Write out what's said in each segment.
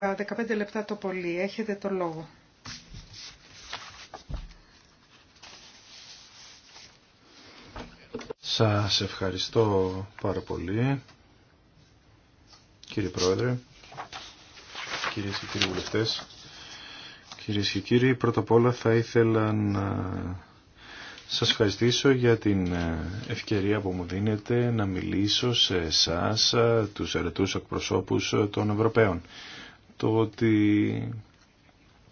15 λεπτά το πολύ. Έχετε το λόγο. Σας ευχαριστώ πάρα πολύ, κύριε Πρόεδρε, κύριε και κύριοι βουλευτές, κυρίες και κύριοι. Πρώτα απ' όλα θα ήθελα να σας ευχαριστήσω για την ευκαιρία που μου δίνετε να μιλήσω σε εσάς, τους ερετούς εκπροσώπους των Ευρωπαίων το ότι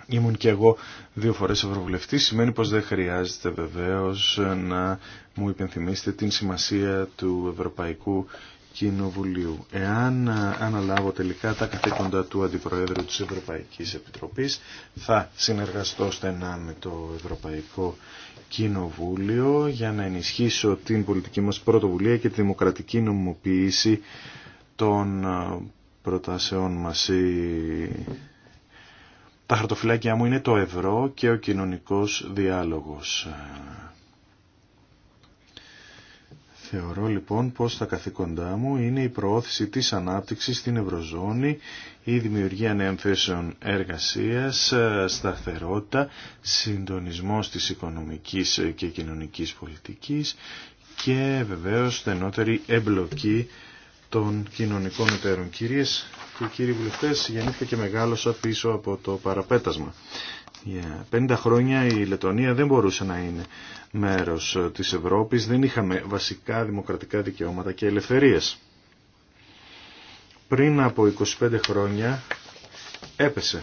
ήμουν και εγώ δύο φορές ευρωβουλευτής σημαίνει πως δεν χρειάζεται βεβαίως να μου υπενθυμίσετε την σημασία του Ευρωπαϊκού Κοινοβουλίου. Εάν αναλάβω τελικά τα καθήκοντα του Αντιπροέδρου της Ευρωπαϊκής Επιτροπής θα συνεργαστώ στενά με το Ευρωπαϊκό Κοινοβούλιο για να ενισχύσω την πολιτική μας πρωτοβουλία και τη δημοκρατική νομιμοποίηση των προτάσεών μας. Η... Τα χαρτοφυλάκια μου είναι το ευρώ και ο κοινωνικός διάλογος. Θεωρώ λοιπόν πως τα καθήκοντά μου είναι η προώθηση της ανάπτυξης στην Ευρωζώνη, η δημιουργία νέων θέσεων εργασίας, σταθερότητα, συντονισμός της οικονομικής και κοινωνικής πολιτικής και βεβαίως στενότερη εμπλοκή των κοινωνικών εταίρων. Κυρίες και κύριοι βουλευτές, γεννήθηκα και μεγάλωσα πίσω από το παραπέτασμα. Για 50 χρόνια η Λετωνία δεν μπορούσε να είναι μέρος της Ευρώπης, δεν είχαμε βασικά δημοκρατικά δικαιώματα και ελευθερίες. Πριν από 25 χρόνια έπεσε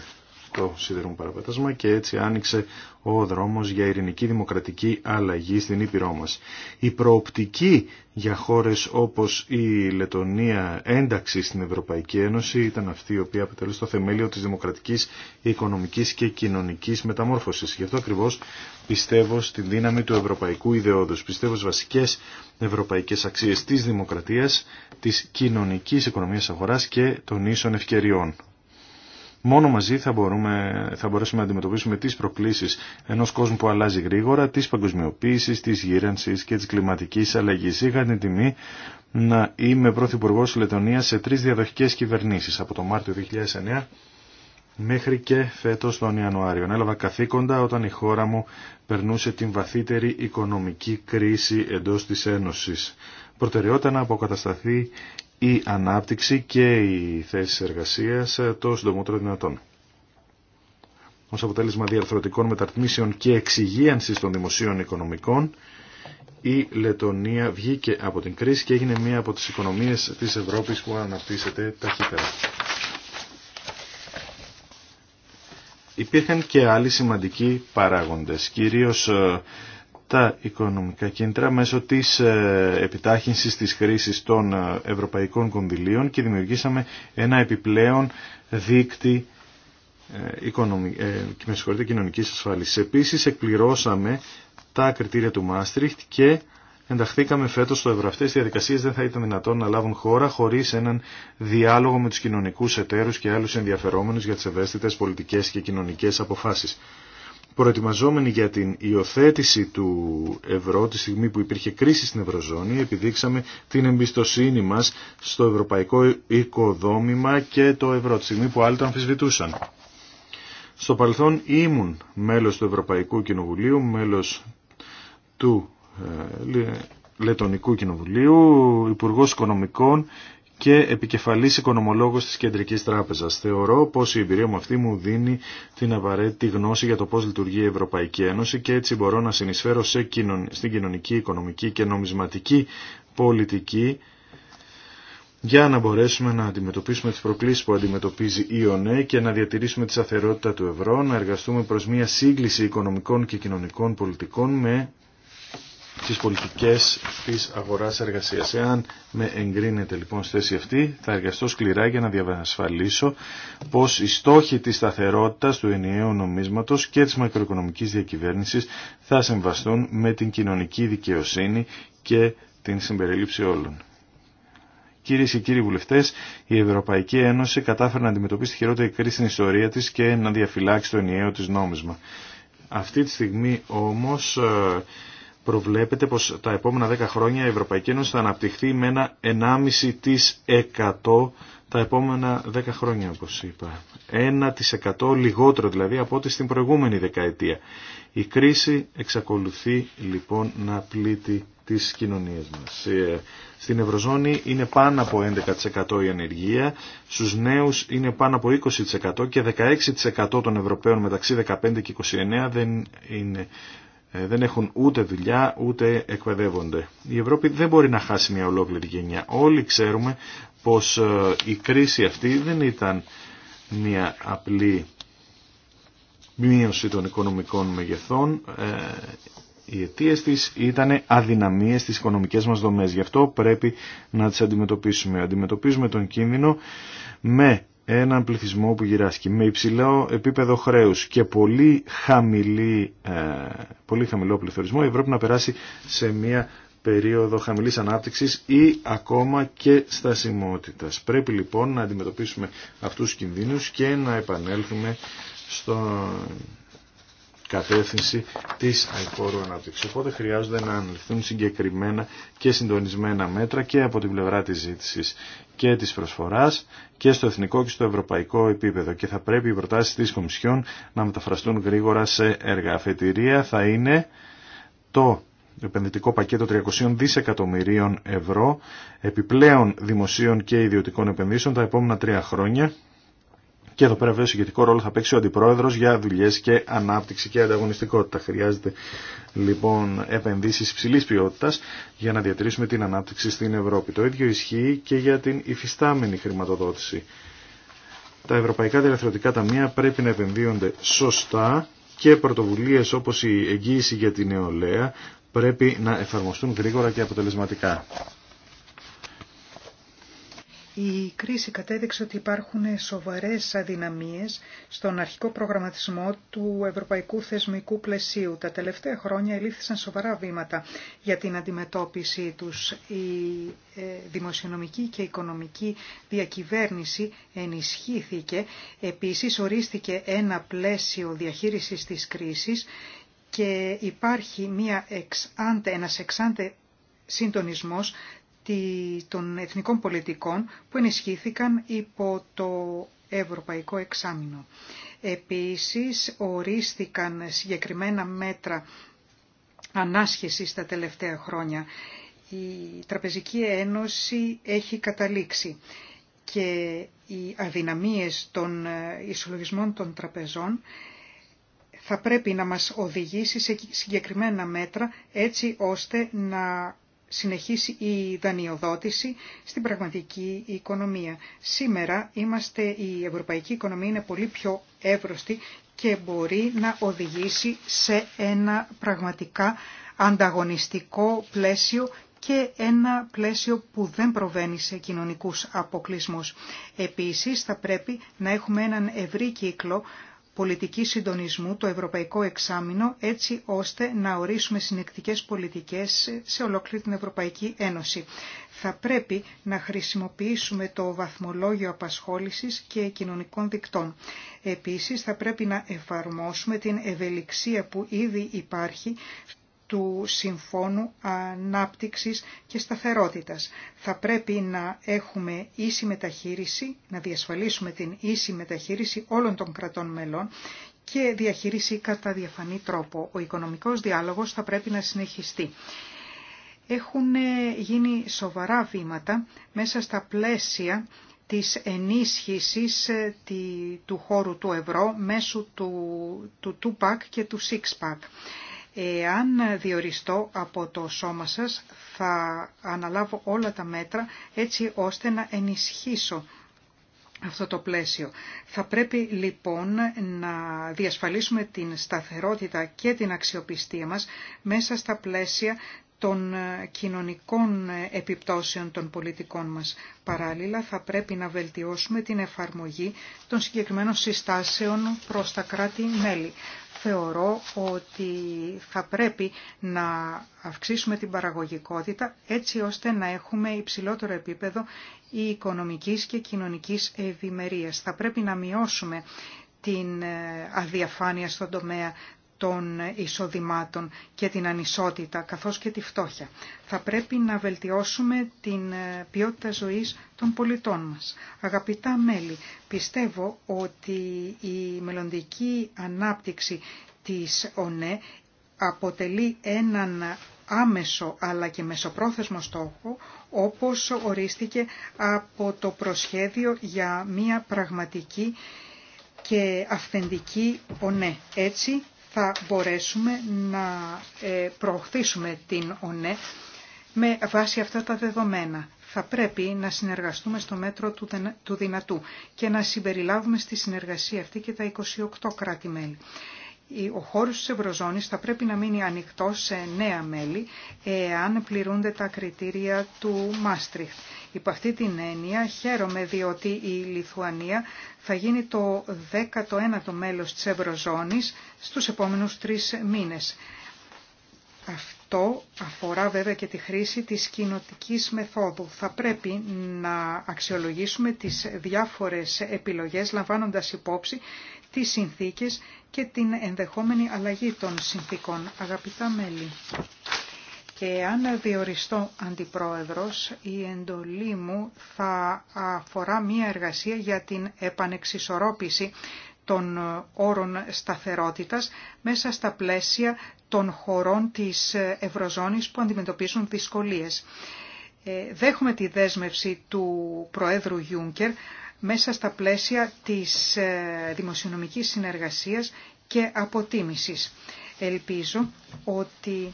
το μου παραπέτασμα και έτσι άνοιξε ο δρόμος για ειρηνική δημοκρατική αλλαγή στην Ήπειρό μας. Η προοπτική για χώρες όπως η Λετωνία ένταξη στην Ευρωπαϊκή Ένωση ήταν αυτή η οποία αποτελεί στο θεμέλιο της δημοκρατικής, οικονομικής και κοινωνικής μεταμόρφωσης. Γι' αυτό ακριβώς πιστεύω στην δύναμη του ευρωπαϊκού ιδεώδους. Πιστεύω στις βασικές ευρωπαϊκές αξίες της δημοκρατίας, της κοινωνικής οικονομίας αγοράς και των ίσων ευκαιριών. Μόνο μαζί θα, μπορούμε, θα μπορέσουμε να αντιμετωπίσουμε τις προκλήσεις ενός κόσμου που αλλάζει γρήγορα, της παγκοσμιοποίησης, της γύρανσης και της κλιματικής αλλαγής. Είχα την τιμή να είμαι πρωθυπουργός Λετωνίας σε τρεις διαδοχικές κυβερνήσεις από το Μάρτιο 2009 μέχρι και φέτος τον Ιανουάριο. Έλαβα καθήκοντα όταν η χώρα μου περνούσε την βαθύτερη οικονομική κρίση εντός της Ένωσης. Προτεραιότητα να αποκατασταθεί η ανάπτυξη και οι θέσει εργασία ε, το συντομότερο δυνατόν. Ως αποτέλεσμα διαρθρωτικών μεταρρυθμίσεων και εξυγίανση των δημοσίων οικονομικών, η Λετωνία βγήκε από την κρίση και έγινε μία από τις οικονομίες της Ευρώπης που αναπτύσσεται ταχύτερα. Υπήρχαν και άλλοι σημαντικοί παράγοντες, κυρίως ε, τα οικονομικά κίνητρα μέσω της ε, επιτάχυνσης της χρήσης των ε, ευρωπαϊκών κονδυλίων και δημιουργήσαμε ένα επιπλέον δίκτυ ε, κοινωνική ασφάλισης. Επίσης εκπληρώσαμε τα κριτήρια του Μάστριχτ και ενταχθήκαμε φέτος στο ευρώ. Αυτές οι διαδικασίες δεν θα ήταν δυνατόν να λάβουν χώρα χωρίς έναν διάλογο με τους κοινωνικούς εταίρους και άλλους ενδιαφερόμενους για τις ευαίσθητες πολιτικές και κοινωνικές αποφάσεις προετοιμαζόμενοι για την υιοθέτηση του ευρώ τη στιγμή που υπήρχε κρίση στην ευρωζώνη επιδείξαμε την εμπιστοσύνη μας στο ευρωπαϊκό οικοδόμημα και το ευρώ τη στιγμή που άλλοι το αμφισβητούσαν. Στο παρελθόν ήμουν μέλος του Ευρωπαϊκού Κοινοβουλίου, μέλος του ε, Λετωνικού Κοινοβουλίου, Υπουργός Οικονομικών και επικεφαλής οικονομολόγος της Κεντρικής Τράπεζας. Θεωρώ πως η εμπειρία μου αυτή μου δίνει την απαραίτητη γνώση για το πώς λειτουργεί η Ευρωπαϊκή Ένωση και έτσι μπορώ να συνεισφέρω σε στην κοινωνική, οικονομική και νομισματική πολιτική για να μπορέσουμε να αντιμετωπίσουμε τις προκλήσεις που αντιμετωπίζει η ΟΝΕ και να διατηρήσουμε τη σταθερότητα του ευρώ, να εργαστούμε προς μια σύγκληση οικονομικών και κοινωνικών πολιτικών με τις πολιτικές της αγοράς εργασίας. Εάν με εγκρίνεται λοιπόν στη θέση αυτή, θα εργαστώ σκληρά για να διαβασφαλίσω πως οι στόχοι της σταθερότητας του ενιαίου νομίσματος και της μακροοικονομικής διακυβέρνησης θα συμβαστούν με την κοινωνική δικαιοσύνη και την συμπερίληψη όλων. Κυρίε και κύριοι βουλευτέ, η Ευρωπαϊκή Ένωση κατάφερε να αντιμετωπίσει τη χειρότερη κρίση στην ιστορία τη και να διαφυλάξει το ενιαίο τη νόμισμα. Αυτή τη στιγμή όμως ε, προβλέπεται πως τα επόμενα 10 χρόνια η Ευρωπαϊκή Ένωση θα αναπτυχθεί με ένα 1,5% τα επόμενα 10 χρόνια όπως είπα. 1% λιγότερο δηλαδή από ό,τι στην προηγούμενη δεκαετία. Η κρίση εξακολουθεί λοιπόν να πλήττει τις κοινωνίες μας. Ε, στην Ευρωζώνη είναι πάνω από 11% η ανεργία, στους νέους είναι πάνω από 20% και 16% των Ευρωπαίων μεταξύ 15 και 29 δεν είναι ε, δεν έχουν ούτε δουλειά ούτε εκπαιδεύονται. Η Ευρώπη δεν μπορεί να χάσει μια ολόκληρη γενιά. Όλοι ξέρουμε πως ε, η κρίση αυτή δεν ήταν μια απλή μείωση των οικονομικών μεγεθών. Ε, οι αιτίες της ήταν αδυναμίες στις οικονομικές μας δομές. Γι' αυτό πρέπει να τις αντιμετωπίσουμε. Αντιμετωπίζουμε τον κίνδυνο με έναν πληθυσμό που γυράσκει με υψηλό επίπεδο χρέους και πολύ, χαμηλή, ε, πολύ χαμηλό πληθωρισμό η Ευρώπη να περάσει σε μια περίοδο χαμηλής ανάπτυξης ή ακόμα και στασιμότητας. Πρέπει λοιπόν να αντιμετωπίσουμε αυτούς τους κινδύνους και να επανέλθουμε στο κατεύθυνση της αηφόρου ανάπτυξης. Οπότε χρειάζονται να αναλυθούν συγκεκριμένα και συντονισμένα μέτρα και από την πλευρά τη ζήτηση και τη προσφορά και στο εθνικό και στο ευρωπαϊκό επίπεδο και θα πρέπει οι προτάσει τη Κομισιόν να μεταφραστούν γρήγορα σε έργα. Αφετηρία θα είναι το επενδυτικό πακέτο 300 δισεκατομμυρίων ευρώ επιπλέον δημοσίων και ιδιωτικών επενδύσεων τα επόμενα τρία χρόνια και εδώ πέρα βέβαια συγκεκριτικό ρόλο θα παίξει ο αντιπρόεδρο για δουλειέ και ανάπτυξη και ανταγωνιστικότητα. Χρειάζεται λοιπόν επενδύσεις υψηλή ποιότητα για να διατηρήσουμε την ανάπτυξη στην Ευρώπη. Το ίδιο ισχύει και για την υφιστάμενη χρηματοδότηση. Τα ευρωπαϊκά Διελευθερωτικά ταμεία πρέπει να επενδύονται σωστά και πρωτοβουλίε όπω η εγγύηση για την νεολαία πρέπει να εφαρμοστούν γρήγορα και αποτελεσματικά. Η κρίση κατέδειξε ότι υπάρχουν σοβαρές αδυναμίες στον αρχικό προγραμματισμό του Ευρωπαϊκού Θεσμικού Πλαισίου. Τα τελευταία χρόνια ελήφθησαν σοβαρά βήματα για την αντιμετώπιση τους. Η ε, δημοσιονομική και οικονομική διακυβέρνηση ενισχύθηκε. Επίσης ορίστηκε ένα πλαίσιο διαχείρισης της κρίσης και υπάρχει μια εξάντε, ένας συντονισμός των εθνικών πολιτικών που ενισχύθηκαν υπό το Ευρωπαϊκό Εξάμεινο. Επίσης, ορίστηκαν συγκεκριμένα μέτρα ανάσχεσης τα τελευταία χρόνια. Η Τραπεζική Ένωση έχει καταλήξει και οι αδυναμίες των ισολογισμών των τραπεζών θα πρέπει να μας οδηγήσει σε συγκεκριμένα μέτρα έτσι ώστε να συνεχίσει η δανειοδότηση στην πραγματική οικονομία. Σήμερα είμαστε, η ευρωπαϊκή οικονομία είναι πολύ πιο εύρωστη και μπορεί να οδηγήσει σε ένα πραγματικά ανταγωνιστικό πλαίσιο και ένα πλαίσιο που δεν προβαίνει σε κοινωνικούς αποκλεισμούς. Επίσης θα πρέπει να έχουμε έναν ευρύ κύκλο πολιτική συντονισμού το Ευρωπαϊκό Εξάμεινο έτσι ώστε να ορίσουμε συνεκτικές πολιτικές σε ολόκληρη την Ευρωπαϊκή Ένωση. Θα πρέπει να χρησιμοποιήσουμε το βαθμολόγιο απασχόλησης και κοινωνικών δικτών. Επίσης θα πρέπει να εφαρμόσουμε την ευελιξία που ήδη υπάρχει του Συμφώνου Ανάπτυξης και Σταθερότητας. Θα πρέπει να έχουμε ίση μεταχείριση, να διασφαλίσουμε την ίση μεταχείριση όλων των κρατών μελών και διαχείριση κατά διαφανή τρόπο. Ο οικονομικός διάλογος θα πρέπει να συνεχιστεί. Έχουν γίνει σοβαρά βήματα μέσα στα πλαίσια της ενίσχυσης ε, του χώρου του ευρώ μέσω του, του pac και του 6 pac Εάν διοριστώ από το σώμα σας, θα αναλάβω όλα τα μέτρα έτσι ώστε να ενισχύσω αυτό το πλαίσιο. Θα πρέπει λοιπόν να διασφαλίσουμε την σταθερότητα και την αξιοπιστία μας μέσα στα πλαίσια των κοινωνικών επιπτώσεων των πολιτικών μας. Παράλληλα θα πρέπει να βελτιώσουμε την εφαρμογή των συγκεκριμένων συστάσεων προς τα κράτη-μέλη θεωρώ ότι θα πρέπει να αυξήσουμε την παραγωγικότητα έτσι ώστε να έχουμε υψηλότερο επίπεδο η οικονομικής και κοινωνικής ευημερίας. Θα πρέπει να μειώσουμε την ε, αδιαφάνεια στον τομέα των εισοδημάτων και την ανισότητα καθώς και τη φτώχεια. Θα πρέπει να βελτιώσουμε την ε, ποιότητα ζωής των πολιτών μας. Αγαπητά μέλη, πιστεύω ότι η μελλοντική ανάπτυξη της ΟΝΕ αποτελεί έναν άμεσο αλλά και μεσοπρόθεσμο στόχο όπως ορίστηκε από το προσχέδιο για μια πραγματική και αυθεντική ΟΝΕ. Έτσι θα μπορέσουμε να ε, προωθήσουμε την ΟΝΕ με βάση αυτά τα δεδομένα. Θα πρέπει να συνεργαστούμε στο μέτρο του δυνατού και να συμπεριλάβουμε στη συνεργασία αυτή και τα 28 κράτη-μέλη ο χώρος της Ευρωζώνης θα πρέπει να μείνει ανοιχτό σε νέα μέλη εάν πληρούνται τα κριτήρια του Μάστριχτ. Υπό αυτή την έννοια χαίρομαι διότι η Λιθουανία θα γίνει το 19ο μέλος της Ευρωζώνης στους επόμενους τρεις μήνες. Αυτό αφορά βέβαια και τη χρήση της κοινοτικής μεθόδου. Θα πρέπει να αξιολογήσουμε τις διάφορες επιλογές λαμβάνοντας υπόψη τις συνθήκες και την ενδεχόμενη αλλαγή των συνθήκων. Αγαπητά μέλη, και αν διοριστώ αντιπρόεδρος, η εντολή μου θα αφορά μία εργασία για την επανεξισορρόπηση των ε, όρων σταθερότητας μέσα στα πλαίσια των χωρών της ε, Ευρωζώνης που αντιμετωπίζουν δυσκολίες. Ε, δέχομαι τη δέσμευση του Προέδρου Γιούνκερ μέσα στα πλαίσια της δημοσιονομικής συνεργασίας και αποτίμησης. Ελπίζω ότι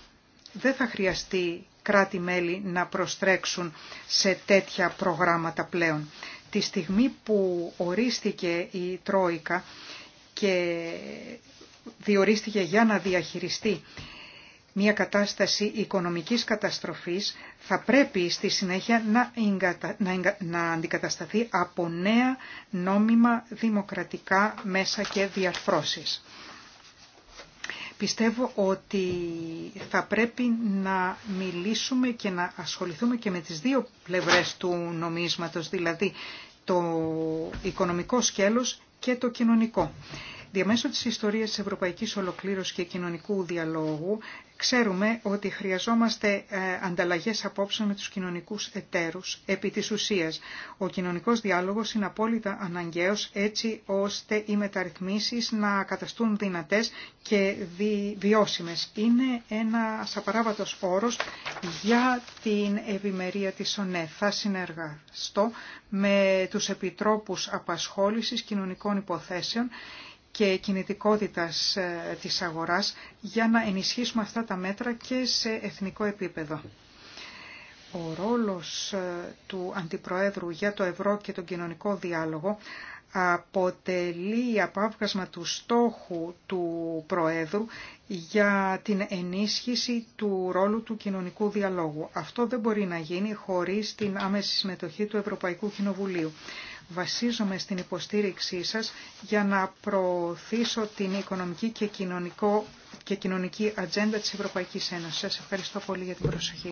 δεν θα χρειαστεί κράτη-μέλη να προστρέξουν σε τέτοια προγράμματα πλέον. Τη στιγμή που ορίστηκε η Τρόικα και διορίστηκε για να διαχειριστεί μια κατάσταση οικονομικής καταστροφής θα πρέπει στη συνέχεια να, να, να αντικατασταθεί από νέα νόμιμα δημοκρατικά μέσα και διαρθρώσεις. Πιστεύω ότι θα πρέπει να μιλήσουμε και να ασχοληθούμε και με τις δύο πλευρές του νομίσματος, δηλαδή το οικονομικό σκέλος και το κοινωνικό. Διαμέσω της ιστορίας της ευρωπαϊκής ολοκλήρωσης και κοινωνικού διαλόγου ξέρουμε ότι χρειαζόμαστε ε, ανταλλαγές απόψεων με τους κοινωνικούς εταίρους επί της ουσίας. Ο κοινωνικός διάλογος είναι απόλυτα αναγκαίος έτσι ώστε οι μεταρρυθμίσεις να καταστούν δυνατές και βιώσιμες. Είναι ένα απαράβατος όρος για την ευημερία της ΟΝΕ. Θα συνεργαστώ με τους Επιτρόπους Απασχόλησης Κοινωνικών Υποθέσεων και κινητικότητας ε, της αγοράς για να ενισχύσουμε αυτά τα μέτρα και σε εθνικό επίπεδο. Ο ρόλος ε, του Αντιπροέδρου για το ευρώ και τον κοινωνικό διάλογο αποτελεί απάβγασμα του στόχου του Προέδρου για την ενίσχυση του ρόλου του κοινωνικού διαλόγου. Αυτό δεν μπορεί να γίνει χωρίς την άμεση συμμετοχή του Ευρωπαϊκού Κοινοβουλίου βασίζομαι στην υποστήριξή σας για να προωθήσω την οικονομική και, κοινωνικό, και κοινωνική ατζέντα της Ευρωπαϊκής Ένωσης. Σας ευχαριστώ πολύ για την προσοχή.